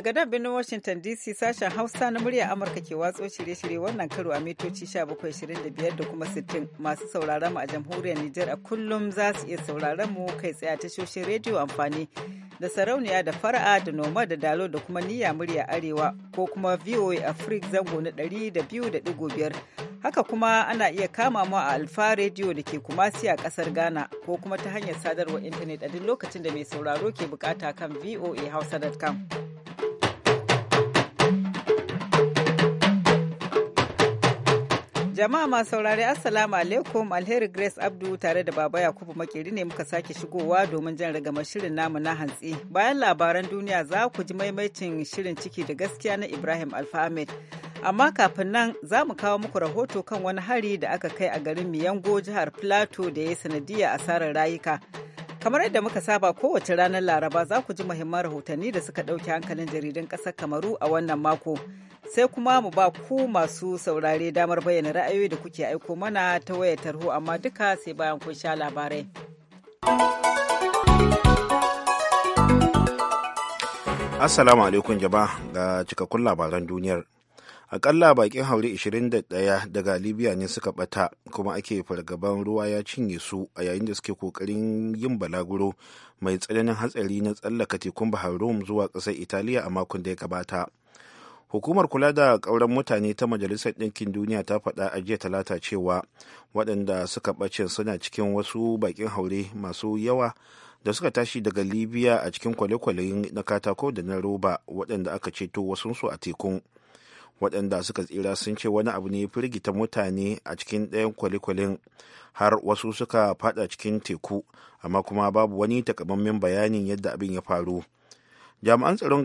Daga nan birnin Washington DC sashen Hausa na murya Amurka ke watso shirye-shirye wannan karo a mitoci 1725 da kuma 60 masu sauraron mu a jamhuriyar Nijar a kullum za su iya sauraron mu kai tsaye a tashoshin rediyo amfani da sarauniya da fara'a da noma da dalo da kuma niyya murya arewa ko kuma VOA Africa zango na 200.5 haka kuma ana iya kama mu a alfa rediyo da ke kumasi a kasar Ghana ko kuma ta hanyar sadarwar intanet a duk lokacin da mai sauraro ke bukata kan voahausa.com. Jama'a masu saurari Assalamu alaikum Alheri Grace Abdu tare da Baba Yakubu Makeri ne muka sake shigowa domin jan ragamar shirin namu na hantsi. Bayan labaran duniya za ku ji maimaicin shirin ciki da gaskiya na Ibrahim alfahmed Amma kafin nan za mu kawo muku rahoto kan wani hari da aka kai a garin Miyango jihar Plateau da ya sanadiyar asarar rayuka. Kamar yadda muka saba kowace ranar Laraba za ku ji muhimman rahotanni da suka ɗauki hankalin jaridun ƙasar Kamaru a wannan mako. Sai kuma mu ba ku masu saurare damar bayyana ra'ayoyi da kuke aiko mana ta wayar tarho amma duka sai bayan kun sha labarai. Assalamu alaikum jama'a ga cikakkun labaran duniyar. akalla bakin haure 21 daga libya ne suka bata kuma ake fargaban ruwa ya cinye su a yayin da suke kokarin yin balaguro mai tsananin hatsari na tsallaka tekun bahar rum zuwa ƙasar italiya a makon da ya gabata hukumar kula da ƙauren mutane ta majalisar ɗinkin duniya ta faɗa a jiya talata cewa waɗanda suka ɓace suna cikin wasu bakin haure masu yawa da suka tashi daga libya a cikin kwale-kwale na katako da na roba waɗanda aka ceto wasunsu a tekun waɗanda suka tsira sun ce wani abu ne firgita mutane a cikin ɗayan kwale har wasu suka fada cikin teku amma kuma babu wani takamammen bayanin yadda abin ya faru jami'an tsaron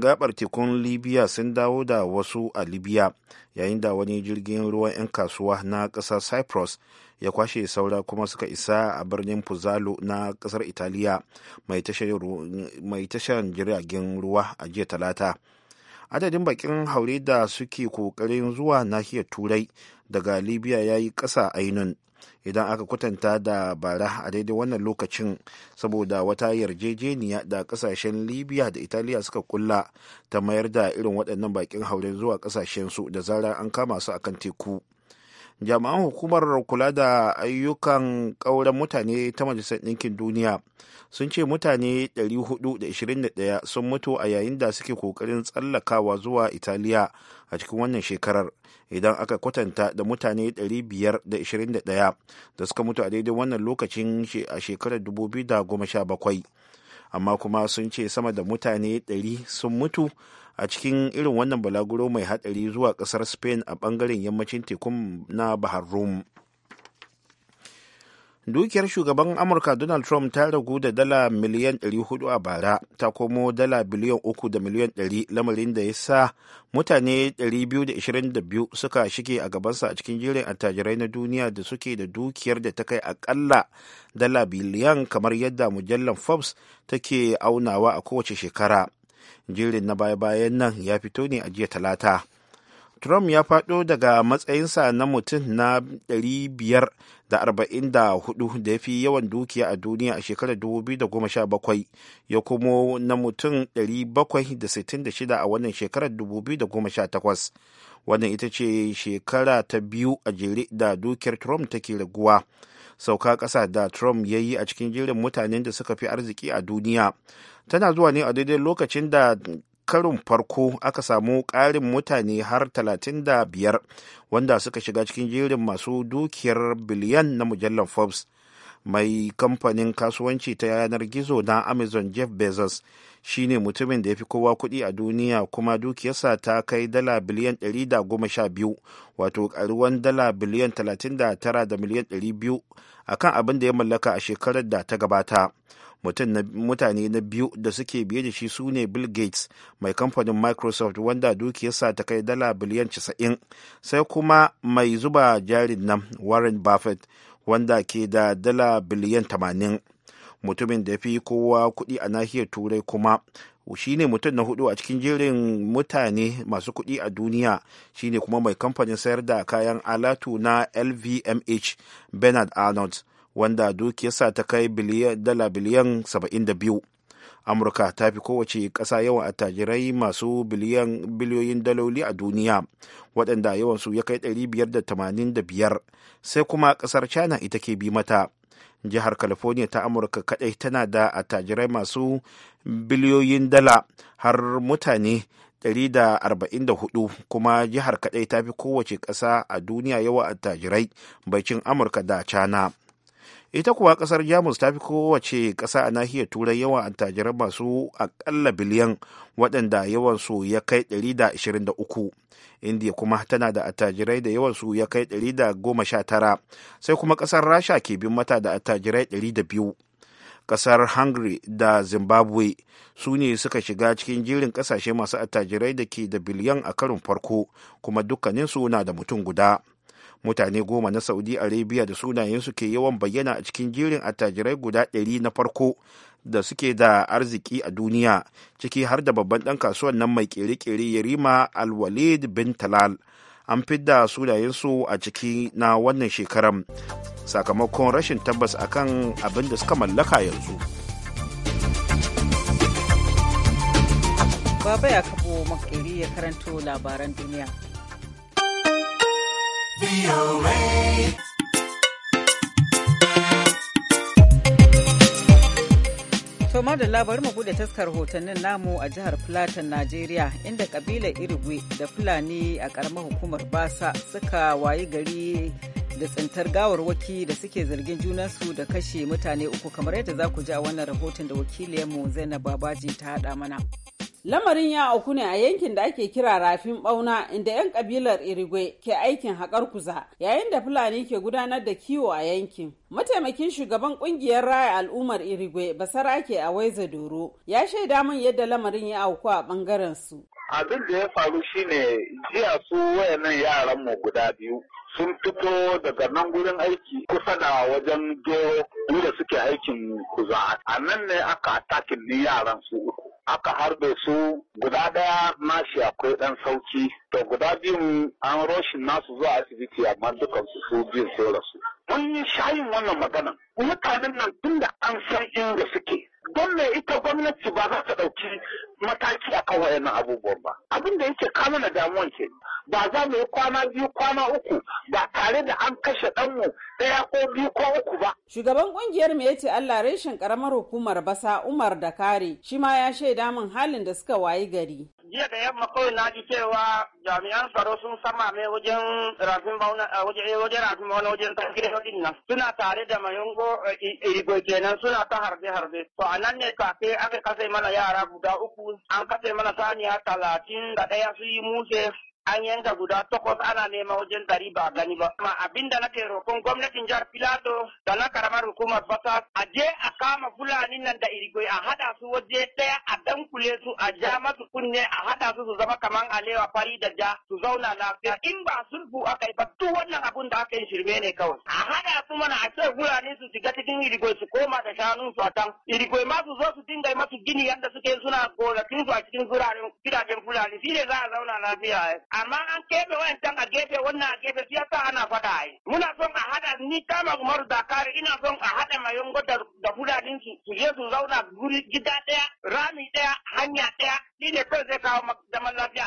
gabar tekun libya sun dawo da wasu a libya yayin da wani jirgin ruwan 'yan kasuwa na ƙasar cyprus ya kwashe saura kuma suka isa a birnin puzalo na ƙasar italiya mai tashar jiragen ruwa a jiya talata adadin bakin haure da suke kokarin zuwa nahiyar turai daga libya ya yi ƙasa ainun idan aka kwatanta da bara a daidai wannan lokacin saboda wata yarjejeniya da kasashen libya da italiya suka kulla ta mayar da irin waɗannan bakin hauren zuwa kasashen su da zarar an kama su akan teku jami'an hukumar kula da ayyukan ƙauren mutane ta majalisar ɗinkin duniya sun ce mutane 421 sun mutu a yayin da suke ƙoƙarin tsallakawa zuwa italiya a cikin wannan shekarar idan aka kwatanta da mutane 521 da suka mutu a daidai wannan lokacin a shekarar 2017 amma kuma sun ce sama da mutane 100 sun mutu a cikin irin wannan balaguro mai hadari zuwa kasar spain a bangaren yammacin tekun na bahar rum dukiyar shugaban amurka donald trump ta ragu da dala miliyan 400 a bara ta komo dala biliyan 3 da miliyan 100 lamarin da ya sa mutane 222 suka shige a gabansa a cikin jirin attajirai na duniya da suke da dukiyar da ta kai akalla dala biliyan kamar yadda mujallar forbes take aunawa a kowace shekara jirin na baya-bayan nan ya fito ne a jiya talata trump ya faɗo daga matsayinsa na mutum na 544 da ya fi yawan dukiya a duniya a shekarar 2017 ya kuma na mutum 766 a wannan shekarar 2018 wannan ita ce shekara ta biyu a jere da dukiyar trump take raguwa sauka ƙasa da trump ya yi a cikin jirin mutanen da suka fi arziki a duniya tana zuwa ne a daidai lokacin da karin farko aka samu ƙarin mutane har 35 wanda suka shiga cikin jerin masu dukiyar biliyan na mujallar forbes mai kamfanin kasuwanci ta yanar gizo na amazon jeff bezos shine mutumin da ya fi kowa kuɗi a duniya kuma dukiyarsa ta kai dala biliyan 112 wato karuwan dala biliyan 39 da miliyan 200 akan abin da ya mallaka a shekarar da ta gabata mutane na biyu da suke biye da shi su ne bill gates mai kamfanin microsoft wanda dukiyarsa ta kai dala biliyan casa'in sai kuma mai zuba jarin nan warren buffett wanda ke da dala biliyan tamanin. mutumin da ya fi kowa kuɗi a nahiyar turai kuma shine mutum na hudu a cikin jerin mutane masu kuɗi a duniya shine kuma mai kamfanin sayar da kayan alatu na lvmh bernard arnold wanda dukiyarsa ta kai dala biliyan 72 amurka ta fi kowace ƙasa yawan attajirai masu biliyoyin daloli a duniya waɗanda yawansu ya kai 585 sai kuma ƙasar china ita ke bi mata jihar california ta amurka kadai tana da attajirai masu biliyoyin dala har mutane 144 kuma jihar kadai ta fi kowace kasa a duniya yawa attajirai baicin amurka da china ita kuwa kasar jamus ta fi kowace ƙasa a nahiyar turai yawan attajiran masu akalla biliyan waɗanda yawansu ya kai 123 indiya kuma tana da attajirai da yawansu ya kai 119 sai kuma ƙasar rasha ke bin mata da attajirai 200 ƙasar hungary da zimbabwe su ne suka shiga cikin jirin ƙasashe masu attajirai da ke da biliyan a karin farko kuma dukkaninsu na da mutum guda mutane goma na saudi arabia da sunayensu ke yawan bayyana a cikin jerin attajirai guda ɗari na farko da suke da arziki a duniya ciki har da babban ɗan kasuwan nan mai ƙere-ƙere kere yarima alwalid bin talal an fidda sunayensu a ciki na wannan shekaran sakamakon rashin tabbas akan abin da suka mallaka yanzu baba ya kabo makeri ya karanto labaran duniya Toma da labarin mu bude taskar hotonnin namu a jihar Filatan Najeriya inda kabilar Irigwe da Fulani a karamar hukumar Basa suka wayi gari da tsintar gawarwaki da suke zargin junansu da kashe mutane uku kamar yadda za ku ji a wannan rahoton da wakiliyarmu Zainab Babaji ta haɗa mana. Lamarin ya auku ne a yankin da ake kira rafin bauna inda 'yan kabilar Irigwe ke aikin haƙar kuza yayin da Fulani ke gudanar da kiwo a yankin. Mataimakin shugaban kungiyar raya al'ummar Irigwe Basarake a Waiza Doro ya shaida min yadda lamarin ya auku a bangaren su. Abin da ya faru shine jiya su wayannan yaran mu guda biyu sun fito daga nan gurin aiki kusa da wajen gero inda suke aikin kuza a nan ne aka atakin ni yaran su uku aka harbe su guda daya nashi akwai dan sauki to guda biyun an roshin nasu zuwa asibiti amma dukan su su biyun sai rasu mun yi shayin wannan maganan mutanen nan tun da an san inda suke don me ita gwamnati ba za ta ɗauki mataki akan wayannan abubuwan ba abin da yake kamana damuwan ke za mu yi kwana biyu kwana uku ba tare da an kashe ɗanmu ɗaya ko biyu ko uku ba. Shugaban ƙungiyar mu yace Allah reshen ƙaramar hukumar basa Umar da kare shi ma ya shaida min halin da suka wayi gari. Jiya da yamma kawai na ji cewa jami'an tsaro sun sama mai wajen rafin bauna wajen eh, wajen rafin bauna wajen nan suna tare da mayungo eh, irigo kenan suna ta harbe harbe to a nan ne kafe aka kase mana yara guda uku an kase mana saniya talatin da ɗaya su yi muse an yanka guda takwas ana neman wajen dari ba gani ba. Amma abinda nake roƙon gwamnatin jihar Filato da na karamar hukumar Basa. a je a kama Fulani nan da irigoi a haɗa su waje ɗaya a dankule su a ja masu kunne a haɗa su su zama kaman alewa fari da ja su zauna lafiya. In ba sulhu aka yi ba duk wannan abun da aka yi shirme ne kawai. A haɗa su mana a ce Fulani su shiga cikin irigoi su koma da shanun su a can. Irigoi ma su zo su dinga masu gini yadda suke suna tun su a cikin zuraren gidajen Fulani shi ne za a zauna lafiya. amma an keɓe wayancan a gefe wannan a gefe shi yasa ana faɗa yi. muna son a haɗa ni kama Umaru Dakar ina son a haɗa mayongo da da fulanin su su je su zauna guri gida ɗaya rami ɗaya hanya ɗaya shi zai kawo da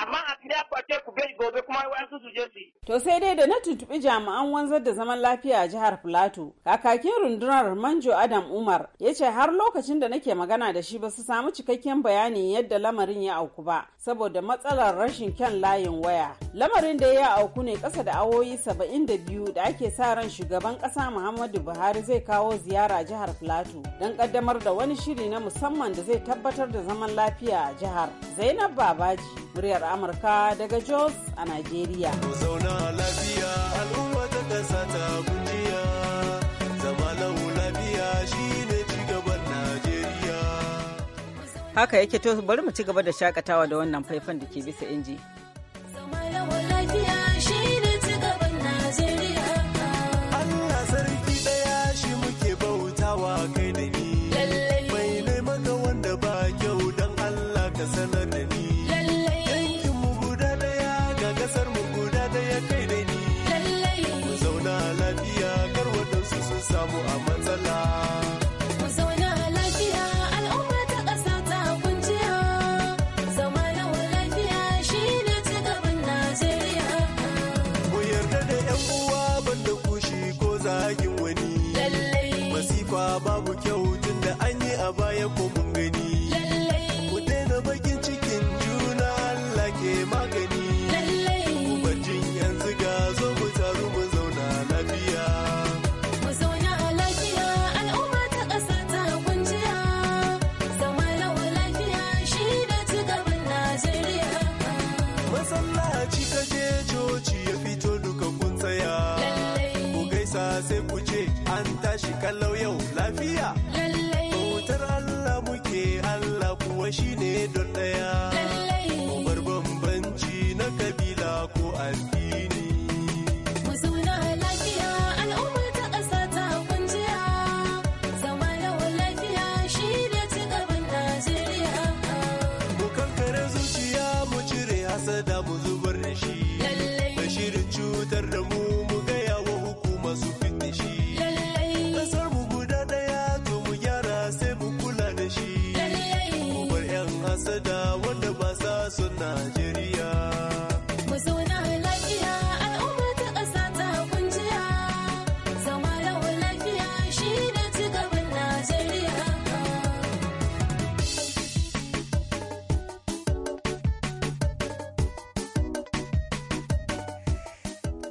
amma a ya kwace ku gobe kuma wani su je su yi. To sai dai da na tuntuɓi jami'an wanzar da zaman lafiya a jihar Filato, kakakin rundunar Manjo Adam Umar ya ce har lokacin da nake magana da shi ba su samu cikakken bayani yadda lamarin ya auku ba saboda matsalar rashin kyan layin waya. Lamarin da ya auku ne ƙasa da awoyi saba'in da biyu da ake sa ran shugaban ƙasa Muhammadu Buhari zai kawo ziyara jihar Filato don ƙaddamar da wani shiri na musamman da zai tabbatar da zaman lafiya a jihar. Zainab Babaji, muryar Amurka daga Jos a Najeriya. zauna lafiya al'umma ta kasa ta kujiya, zama lafiya shi ne cigaban Najeriya. Haka yake to bari mu ci da shakatawa da wannan faifan da ke bisa inji.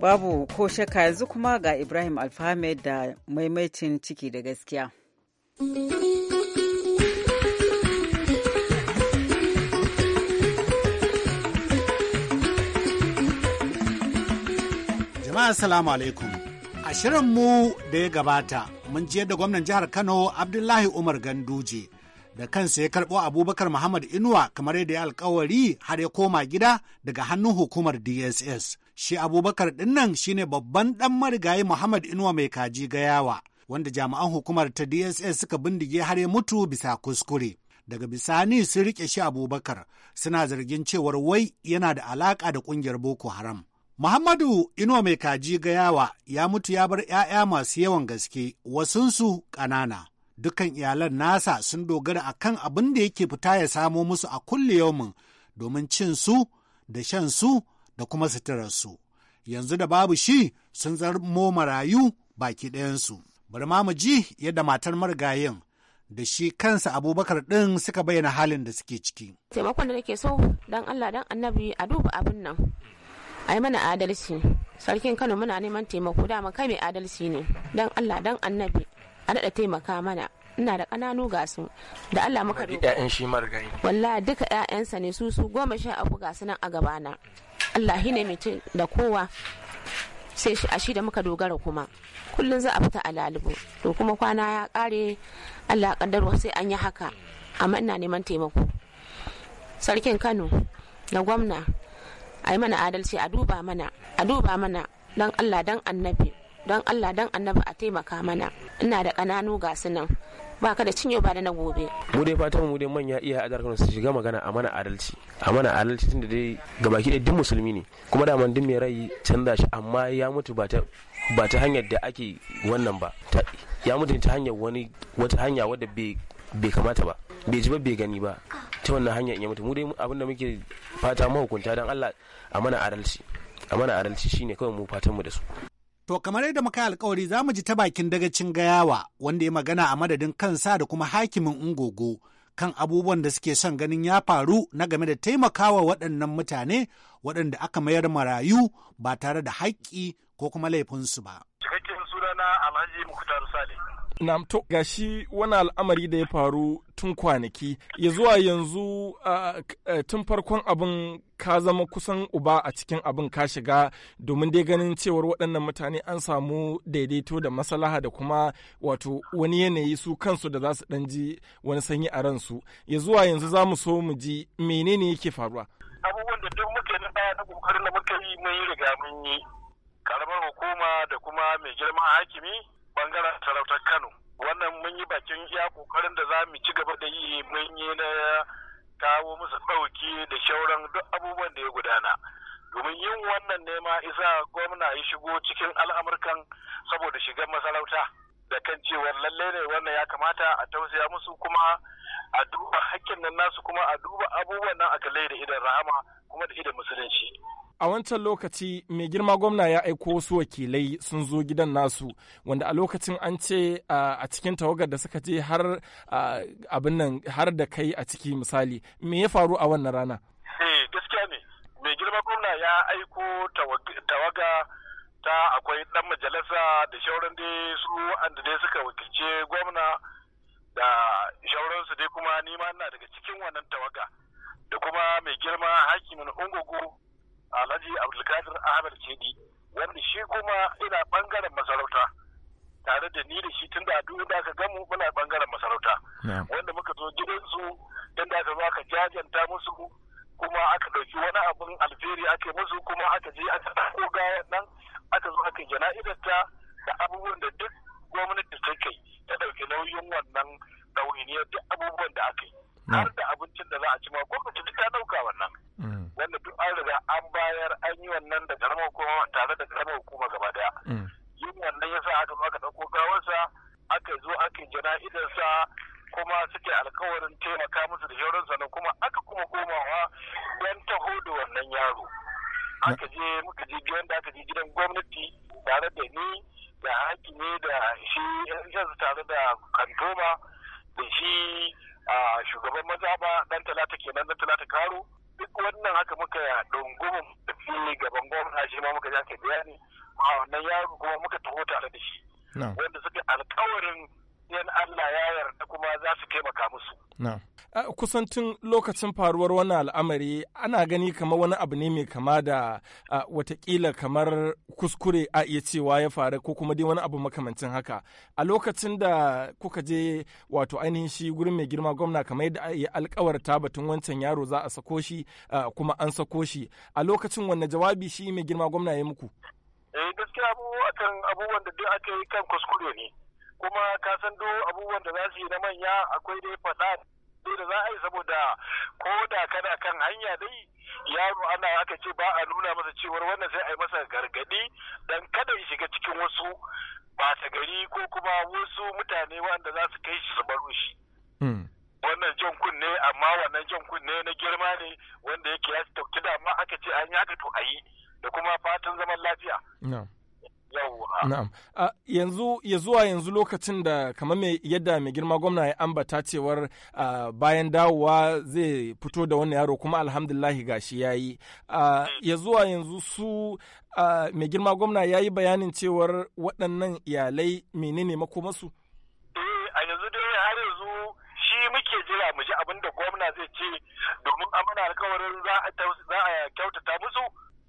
Babu ko shakka yanzu kuma ga Ibrahim Alfahmed da maimaitin ciki da gaskiya. Jama'a Assalamu alaikum. A shirinmu da ya gabata, mun ji yadda gwamnan jihar Kano Abdullahi Umar Ganduje da kansa ya karɓo Abubakar Muhammad Inuwa kamar yadda ya alkawari har ya koma gida daga hannun hukumar DSS. Shi Abubakar ɗinnan shine babban ɗan marigayi Muhammad Inuwa mai kaji gayawa, wanda jami'an hukumar ta DSS suka bindige har ya mutu bisa kuskure. Daga bisani sun rike shi Abubakar suna zargin cewar wai yana da alaƙa da ƙungiyar Boko Haram. Muhammadu Inuwa mai kaji gayawa ya mutu ya bar ‘ya'ya masu yawan gaske, wasunsu ƙanana. Dukan iyalan nasa sun dogara a kan abin da yake fita ya samo musu a kulle yaumin domin cin su da shan su da kuma suturarsu. Yanzu da babu shi sun zarmo marayu baki ɗayansu. Bari ma mu ji yadda matar marigayin da shi kansa abubakar ɗin suka bayyana halin da suke ciki. Taimakon da nake so dan Allah dan annabi a duba abin nan. A yi mana adalci. Sarkin Kano muna neman taimako dama kai mai adalci ne. Dan Allah dan annabi a daɗa taimaka mana. ina da ƙananu ga su da Allah muka duka wallahi duka ƴaƴansa ne su su goma sha abu ga su nan a gabana Allah ne mutum da kowa sai a shi da muka dogara kuma kullum za a fita a lalubu to kuma kwana ya kare Allah kaddarwa sai an yi haka amma ina neman taimako sarkin Kano da gwamna a mana adalci a duba mana a duba mana dan Allah dan annabi don allah don annabi a taimaka mana ina da ƙananu ga su nan ba ka da cinyo ba da na gobe. mu dai fatan mu dai manya iya a darkar su shiga magana a mana adalci a mana adalci tunda dai gabaki ɗaya duk musulmi ne kuma da duk mai rai canza shi amma ya mutu ba ta ba ta hanyar da ake wannan ba ya mutu ta hanyar wani wata hanya wadda bai kamata ba bai ji ba bai gani ba ta wannan hanya ya mutu mu dai abin da muke fata mahukunta don Allah a mana adalci a mana adalci shine kawai mu fatan mu da su To kamar yadda muka alkawari za mu ji ta bakin dagacin gayawa wanda ya magana a madadin kansa da kuma hakimin ungogo kan abubuwan da suke son ganin ya faru na game da taimakawa waɗannan mutane waɗanda aka mayar marayu ba tare da haƙƙi ko kuma laifinsu ba. na Alhaji Muktar Sale. na to gashi wani al'amari da ya faru tun kwanaki ya zuwa yanzu tun farkon abin ka zama kusan uba a cikin abin ka shiga domin dai ganin cewar waɗannan mutane an samu daidaito da masalaha da kuma wato wani yanayi su kansu da za su ɗan ji wani sanyi a ransu ya zuwa yanzu za mu so mu ji menene yake faruwa abubuwan da duk muke na baya na kokarin da muka yi mun yi riga mun yi karamar hukuma da kuma mai girman hakimi bangaren sarautar kano wannan mun yi bakin iya kokarin da za mu ci gaba da yi mun yi na kawo musu ɗauki da shauran duk abubuwan da ya gudana domin yin wannan nema isa gwamna ya shigo cikin al'amurkan saboda shigar masarauta da kan cewa lallai ne wannan ya kamata a tausaya musu kuma a duba hakkin nan nasu kuma a duba abubuwan nan a kalle da idan rahama kuma da idan musulunci a wancan lokaci mai girma gwamna ya aiko wasu wakilai sun zo gidan nasu wanda a lokacin an ce a cikin tawagar da suka je har abin nan har da kai a ciki misali me ya faru a wannan rana eh, gaskiya ne mai girma gwamna ya aiko tawaga ta akwai dan majalisa da shauran dai su wa'anda dai suka wakilce gwamna da shauransu dai kuma nima na daga cikin wannan tawaga da kuma mai girma hakimin ungugu alhaji abdulkadir ahmed kedi wanda shi kuma ina bangaren masarauta tare da ni da shi tun da duk da aka gamu muna bangaren masarauta wanda muka zo gidansu dan da aka zo aka jajanta musu kuma aka ɗauki wani abin alferi ake musu kuma aka je aka ɗauko gayan nan aka zo aka ta da abubuwan da duk gwamnati ta kai ta ɗauki nauyin wannan ɗawainiyar da abubuwan da aka yi har da abincin da za a ci ma gwamnati ta dauka wannan mm. wanda duk an riga an bayar an yi wannan da karamar hukuma tare da karamar hukuma gaba daya mm. yin wannan yasa aka zo aka dauko gawarsa aka zo aka jana'idarsa kuma suke alkawarin taimaka musu da shauran sannan kuma aka kuma komawa don taho da wannan yaro aka je muka je biyan da aka je gidan gwamnati tare da ni da hakimi da shi yan tare da kantoma da shi a shugaban maza mazaba dan talata kenan dan talata karo duk wannan haka muka dungumin fili gaban gwamna shi ma muka ja ka bayani a wannan yaro kuma muka taho tare da shi wanda suka alkawarin in Allah ya yarda kuma za su taimaka musu. Kusan lokacin faruwar wannan al'amari ana gani kamar wani abu ne mai kama da watakila kamar kuskure a iya cewa ya faru ko kuma dai wani abu makamancin haka. A lokacin da kuka je wato ainihin shi gurin mai girma gwamna kamar yadda ya alkawarta batun wancan yaro za a sako shi kuma an sako shi. A lokacin wanne jawabi shi mai girma gwamna ya muku? Eh gaskiya abubuwan da duk ake yi kan kuskure ne. kuma ka san do abubuwan da za su yi na manya akwai dai faɗa dai da za a yi saboda ko da kana kan hanya dai yaro ana aka ce ba a nuna masa cewar wannan sai a yi masa gargadi dan kada ya shiga cikin wasu ba ta gari ko kuma wasu mutane wanda za su kai shi su baro shi. Hmm. Wannan jan kunne amma wannan jan kunne na girma ne wanda yake ya dauki dama aka ce an yi haka to a yi da kuma fatan zaman lafiya. Na'am. yanzu ya zuwa yanzu lokacin da kamar mai yadda mai girma gwamna ya ambata cewar bayan dawowa zai fito da wani yaro kuma alhamdulillahi gashi ya yi. Mm. ya zuwa yanzu su mai girma gwamna ya yi bayanin cewar waɗannan iyalai menene makomasu? Eh, a yanzu dai har yanzu shi muke jira mu ji abin da gwamna zai ce domin amana alkawarin za a kyautata musu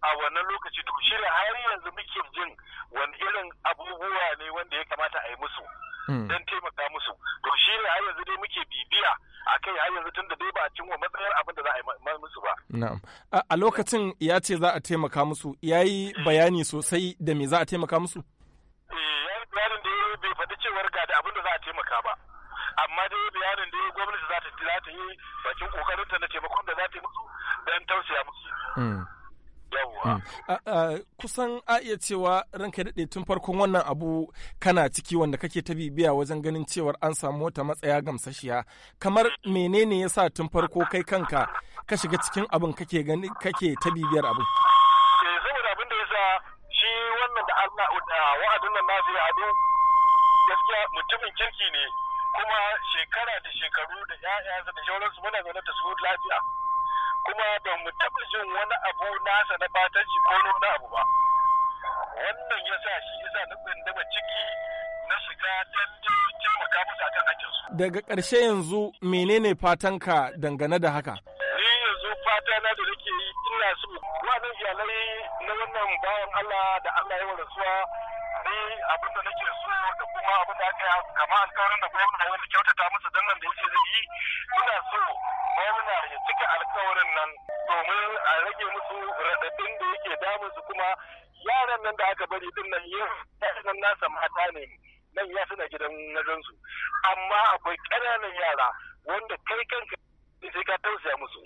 a wannan lokaci to shi ne har yanzu muke jin wani irin abubuwa ne wanda ya kamata a yi musu hmm. don taimaka musu to shi ne har yanzu dai muke bibiya a kai har yanzu tun da dai ba a cin wa matsayar abin da za a yi musu ba. Na'am. A lokacin ya ce za a taimaka musu ya yi eh. bayani sosai da me za a taimaka musu? Eh, bayanin da ya bai faɗi cewar ga da abin da za a taimaka ba amma dai bayanin da ya gwamnati za ta yi bakin ƙoƙarinta na taimakon da za ta yi musu don tausaya musu. Hmm. yawwa mm. kusan a iya cewa ranka daɗe tun farkon wannan abu kana ciki wanda kake ta bibiya wajen ganin cewar an samu wata matsaya gamsashiya kamar menene ya sa tun farko kai kanka ka shiga cikin abin kake gani kake ta bibiyar abin eh, saboda abin da sa shi wannan da Allah d’a wa'adin nan nasu ya ado gaskiya mutumin kirki ne kuma shekara da shekaru da yaya da shauransu muna zaune da su lafiya kuma ba mu taɓa jin wani abu nasa na batanci ko wani abu ba wannan ya sa shi ya sa na tsindama ciki na shiga don taimaka musu akan daga ƙarshe yanzu menene fatanka dangane da haka ni yanzu fata na da nake yi ina so wani iyalai na wannan bawan Allah da Allah ya rasuwa ni abin da nake so da kuma abin da aka yi kama alkawarin da gwamna wanda kyautata musu dangan da yake zai yi ina so gwamna ya cika alkawarin nan domin a rage musu radadin da yake damun su kuma yaran nan da aka bari din nan yau nan nasa mata ne nan ya suna gidan gansu amma akwai ƙananan yara wanda kai kanka sai ka tausaya musu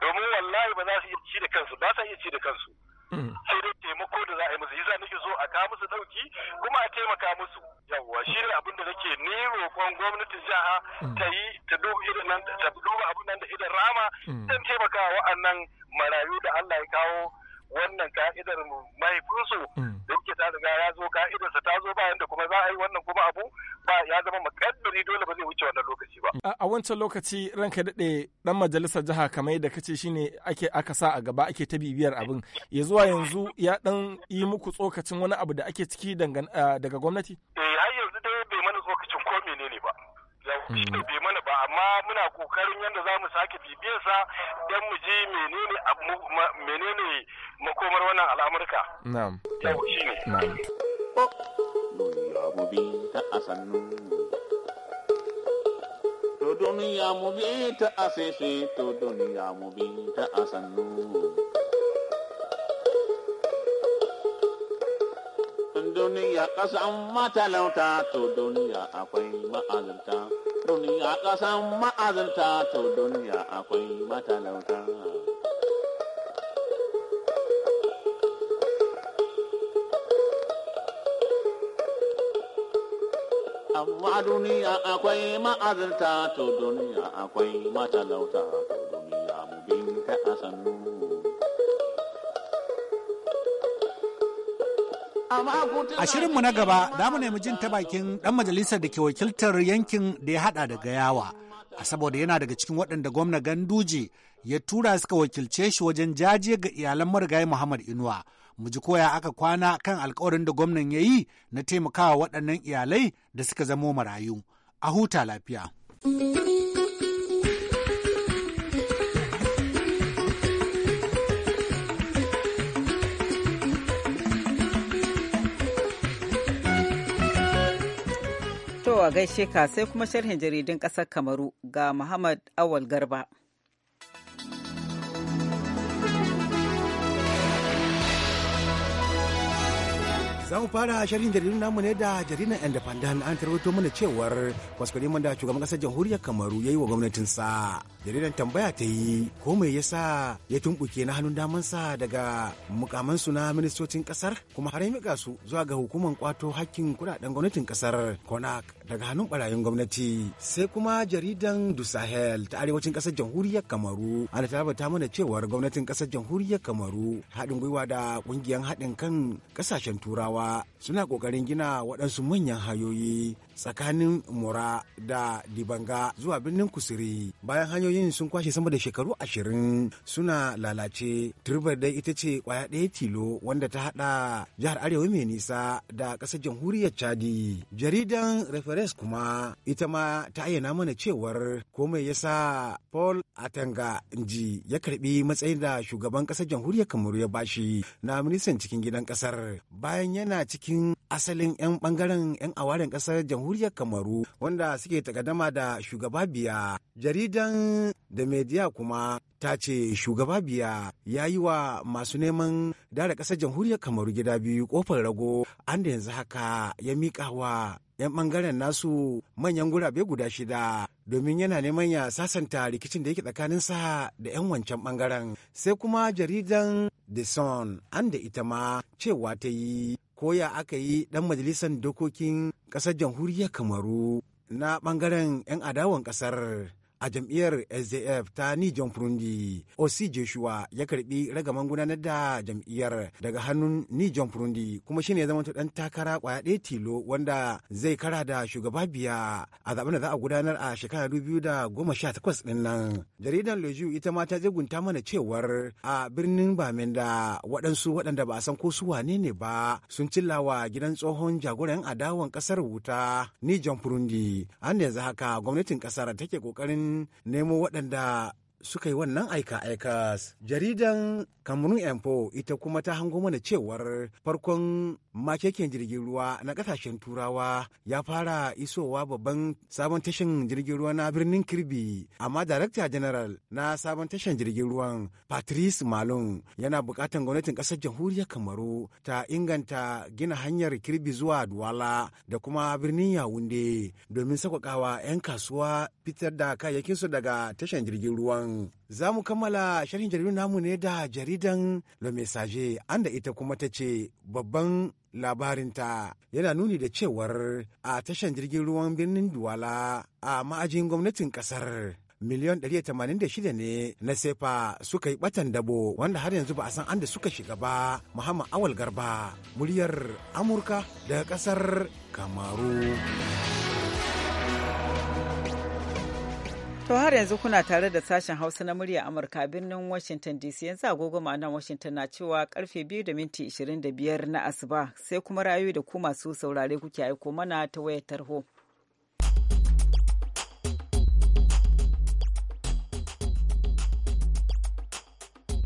domin wallahi ba za su iya ci da kansu ba sa iya ci da kansu Mm. irin taimako da za a yi musu yasa nake so a kawo musu dauki kuma a taimaka musu yawwa shi ne abin da nake ni roƙon gwamnatin jiha mm. ta yi ta duba irin nan ta duba abin nan da idan rama mm. don taimaka wa'annan marayu da Allah ya kawo wannan ka'idar mahaifinsu don ke ta riga ya zo ka'idarsa ta zo bayan da kuma za a yi wannan kuma abu ba ya zama makaddari dole ba zai wuce wannan lokaci ba. A wancan lokaci ranka daɗe ɗan majalisar jiha kamar yadda kace shine ake aka sa a gaba ake ta bibiyar abin ya zuwa yanzu ya ɗan yi muku tsokacin wani abu da ake ciki daga gwamnati? Eh har yanzu dai shi mm. bai mana ba amma muna kokarin yadda za mu sake sa don mu ji menene menene makomar wannan al'amurka na'am yau shi ne na'am mu bi ta a sannu to duniya mu bi ta a sese to duniya mu bi ta a sannu duniya ƙasan matalauta to duniya akwai ma'azinta duniya ƙasan ma'azinta to duniya akwai matalauta amma duniya akwai ma'azinta to duniya akwai matalauta to duniya mu binta a sannu A shirinmu na gaba za mu nemi jin ta bakin ɗan majalisar da ke wakiltar yankin da ya haɗa daga yawa, A saboda yana daga cikin waɗanda gwamna Ganduje ya tura suka wakilce shi wajen jaje ga iyalan marigayi Muhammad Inuwa. Mu ji koya aka kwana kan alkawarin da gwamnan ya yi na taimakawa waɗannan iyalai da suka zamo marayu. A huta lafiya. a gaishe ka sai kuma sharhin jaridun ƙasar Kamaru ga Muhammad Awal Garba. za mu fara sharhin jaridun namu ne da jaridan independent an tarwato mana cewar kwaskwarin da shugaban kasar jamhuriyar kamaru ya yi wa gwamnatinsa jaridar tambaya ta yi ko mai yasa ya tumbuke na hannun damansa daga mukamansu na ministocin kasar kuma har ya mika su zuwa ga hukumar kwato hakkin kudaden gwamnatin kasar conak daga hannun barayin gwamnati sai kuma jaridan du sahel ta arewacin kasar jamhuriyar kamaru ana ta rabata mana cewar gwamnatin kasar jamhuriyar kamaru haɗin gwiwa da ƙungiyar haɗin kan ƙasashen turawa suna ƙoƙarin gina waɗansu manyan hayoyi tsakanin mura da dibanga zuwa birnin kusuri bayan hanyoyin sun kwashe sama da shekaru ashirin suna lalace turbar dai ita ce kwaya ɗaya tilo wanda ta hada jihar arewa mai nisa da ƙasar jamhuriyar chadi jaridan referes kuma ita ma ta ayyana mana cewar komai yasa paul atanga nji ya karbi matsayin da shugaban ƙasar jamhuriyar kamaru ya bashi na ministan cikin gidan ƙasar bayan yana cikin asalin 'yan bangaren 'yan awaren ƙasar jamhuriyar jamhuriyar kamaru wanda suke takadama da shugaba biya jaridan da media kuma ta ce shugaba biya ya yi wa masu neman dare ƙasar jamhuriyar kamaru gida biyu kofar rago an da yanzu haka ya miƙa wa 'yan ɓangaren nasu manyan gurabe guda shida domin yana neman ya sasanta rikicin da yake sa da 'yan wancan ɓangaren sai kuma jaridan the sun an da ita ma cewa ta yi koya aka yi dan majalisar dokokin kasar jamhuriyar kamaru na bangaren 'yan adawan kasar a jam'iyyar sdf ta Nijon Furundi. Osi Joshua ya karbi ragaman gudanar da jam'iyyar daga hannun Nijon Furundi kuma shine ya zama dan takara kwaya ɗaya tilo wanda zai kara da shugaba biya a zaben da za a gudanar a shekara dubu da goma sha takwas ɗin nan. Jaridar Leju ita ma ta jagunta mana cewar a birnin Bamenda waɗansu waɗanda ba a san ko su wane ne ba sun cillawa gidan tsohon jagoran adawan ƙasar wuta Nijon Furundi. An yanzu haka gwamnatin ƙasar take ƙoƙarin nemo waɗanda suka yi wannan aika-aika jaridan cameroon info ita kuma ta hango mana cewar farkon makekin jirgin ruwa na kasashen turawa ya fara isowa babban sabon tashin jirgin ruwa na birnin kirbi amma darakta general na sabon tashin jirgin ruwan patrice malon yana buƙatar gwamnatin ƙasar jamhuriyar kamaru ta inganta gina hanyar kirbi zuwa duwala da kuma birnin yawunde domin sauƙaƙawa 'yan kasuwa fitar da kayayyakinsu daga tashar jirgin ruwan. Za mu kammala sharhin jaridun namu ne da jaridan Le Message, anda ita kuma ta ce babban labarinta yana nuni da cewar a tashar jirgin ruwan birnin Duwala a ma'ajin gwamnatin kasar. miliyan 186 ne na sefa suka yi batan dabo wanda har yanzu ba a san anda suka shiga ba muhammad awal garba muryar amurka daga kasar kamaru To har yanzu kuna tare da sashen Hausa na murya Amurka a birnin Washington DC yanzu agogo ma'anar Washington na cewa karfe 2 da minti 25 na asuba sai kuma rayu da ku masu saurare kuke aiko mana ta wayar tarho.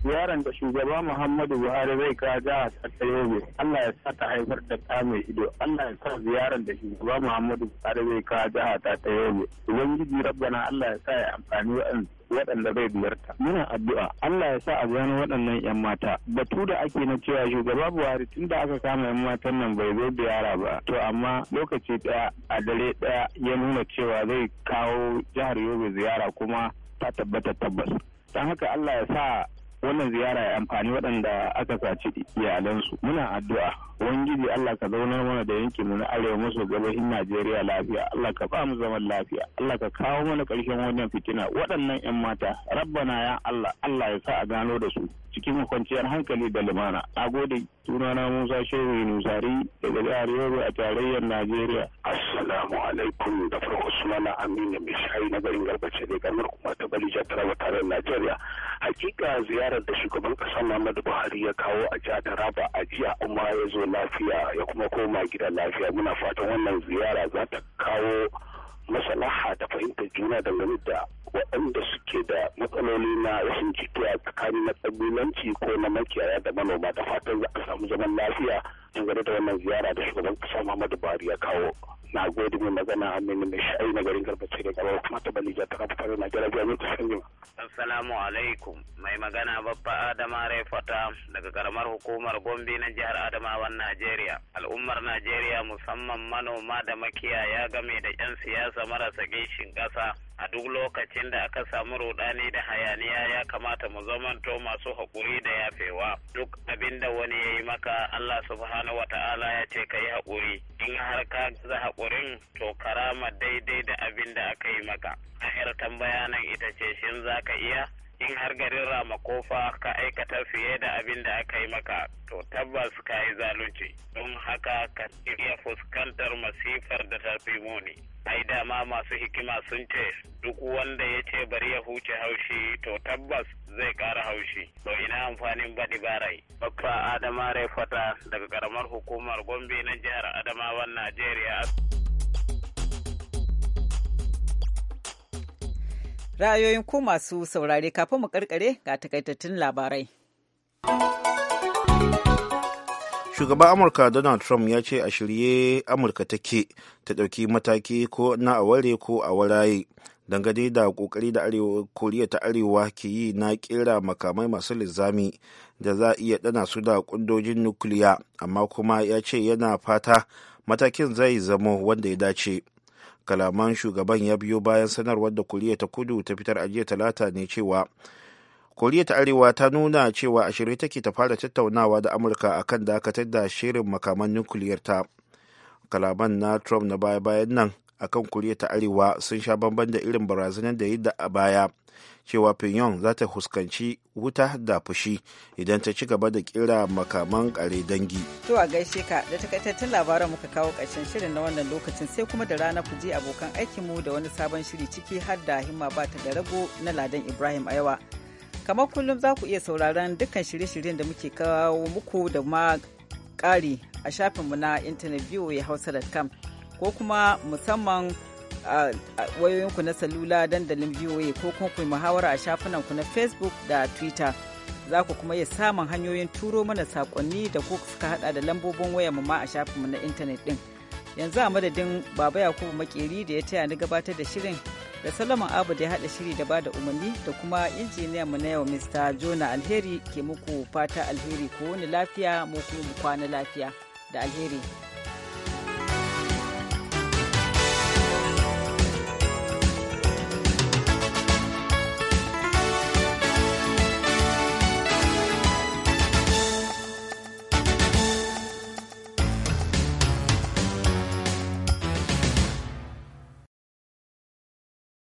ziyaran da shugaba Muhammadu Buhari zai ka jihar ta Yobe Allah ya sa ta haifar da ta mai ido Allah ya sa ziyaran da shugaba Muhammadu Buhari zai ka jihar ta ta Yobe Ubangiji Rabbana Allah ya sa ya amfani wa'ansu waɗanda zai biyarta. Muna addu'a Allah ya sa a gano waɗannan 'yan mata. Batu da ake na cewa shugaba Buhari tun da aka kama 'yan matan nan bai zo yara ba. To amma lokaci ɗaya a dare ɗaya ya nuna cewa zai kawo jihar Yobe ziyara kuma ta tabbata tabbas. Don haka Allah ya sa wannan ziyara ya amfani waɗanda aka saci iyalansu muna addu'a ubangiji Allah ka zaunar mana da yankin mu na arewa maso gabashin Najeriya lafiya Allah ka ba mu zaman lafiya Allah ka kawo mana ƙarshen wannan fitina waɗannan 'yan mata rabbana ya Allah Allah ya sa a gano da su cikin kwanciyar hankali da lumana a gode sunana Musa Shehu Nusari daga jihar Yobe a tarayyar Najeriya Assalamu alaikum da farko sunana Aminu Mishai na garin Garbace da gamar kuma ta Balija Taraba tarayyar Najeriya hakika ziyarar da shugaban kasa Muhammadu Buhari ya kawo a jihar Taraba a jiya umma ya zo lafiya ya kuma koma gida lafiya muna fatan wannan ziyara za ta kawo maslaha da fahimtar juna dangane da waɗanda suke da matsaloli na rashin a tsakanin na tsabilanci ko na makiyaya da manoma da fatan za a samu zaman lafiya dangane da wannan ziyara da shugaban ƙasa Muhammadu Buhari ya kawo. na gode mai magana aminu mai sha'ai na garin ce da gaba kuma ta jata ka fitar na jara biya mutu sanyi ma. assalamu alaikum mai magana babba adama fata daga karamar hukumar gombe na jihar adamawan najeriya al'ummar najeriya musamman manoma da makiyaya game da yan siyasa marasa gishin kasa a duk lokacin da aka samu rudani da hayaniya ya kamata mu zamanto masu haƙuri da yafewa duk abin da wani ya yi maka Allah subhanahu wa ta'ala ya ce ka yi haƙuri in har ka za haƙurin to karama daidai da abin da aka yi maka a tambaya nan ita ce shin za ka iya in har garin Rama, ramakofa ka aikata fiye da abin da aka yi maka to tabbas ka yi zalunci don haka ka iya fuskantar masifar da ta fi muni ai dama masu hikima sun ce duk wanda ya ce bari ya huce haushi to tabbas zai kara haushi to ina amfanin baɗi barai bakka adama rai fata daga karamar hukumar gombe na jihar adamawan najeriya ra'ayoyin ku masu saurare kafin mu karkare ga takaitattun labarai. Shugaban Amurka Donald Trump ya ce a shirye Amurka take ta ɗauki mataki ko na aware ko a waraye dangane da kokari da koriya ta arewa ke yi na kera makamai masu linzami da za a iya dana su da kundojin nukiliya amma kuma ya ce yana fata matakin zai zamo wanda ya dace kalaman shugaban ya biyo bayan sanarwar da kuriya ta kudu ta fitar a jiya talata ne cewa kuriya ta arewa ta nuna cewa a shirye take ta fara tattaunawa da amurka a kan dakatar da shirin makaman nukiliyarta kalaman na trump na baya-bayan nan akan kuriya ta arewa sun sha bamban da irin barazanar da yi da a baya cewa pyongyang za ta huskanci wuta da fushi idan ta ci gaba da kira makaman kare dangi to a gaishe ka da takaitattun labaran muka kawo karshen shirin na wannan lokacin sai kuma da rana ku je abokan aikinmu da wani sabon shiri ciki har da himma ba ta da rago na ladan ibrahim ayawa kamar kullum za ku iya sauraron dukkan shirye-shiryen da muke kawo muku da ma ƙari a shafinmu na intanet hausa.com ko kuma musamman a wayoyinku na salula dandalin VOA ko kuma ku muhawara a shafinanku na Facebook da Twitter. Za ku kuma iya samun hanyoyin turo mana saƙonni da ku suka hada da lambobin waya mu ma a shafinmu na intanet ɗin. Yanzu a madadin Baba Yakubu Makeri da ya taya ni gabatar da shirin da Solomon Abu da ya haɗa shiri da bada umarni da kuma injiniyan mu na yau Mr. Jona Alheri ke muku fata alheri ko wani lafiya mu kuma mu kwana lafiya da alheri.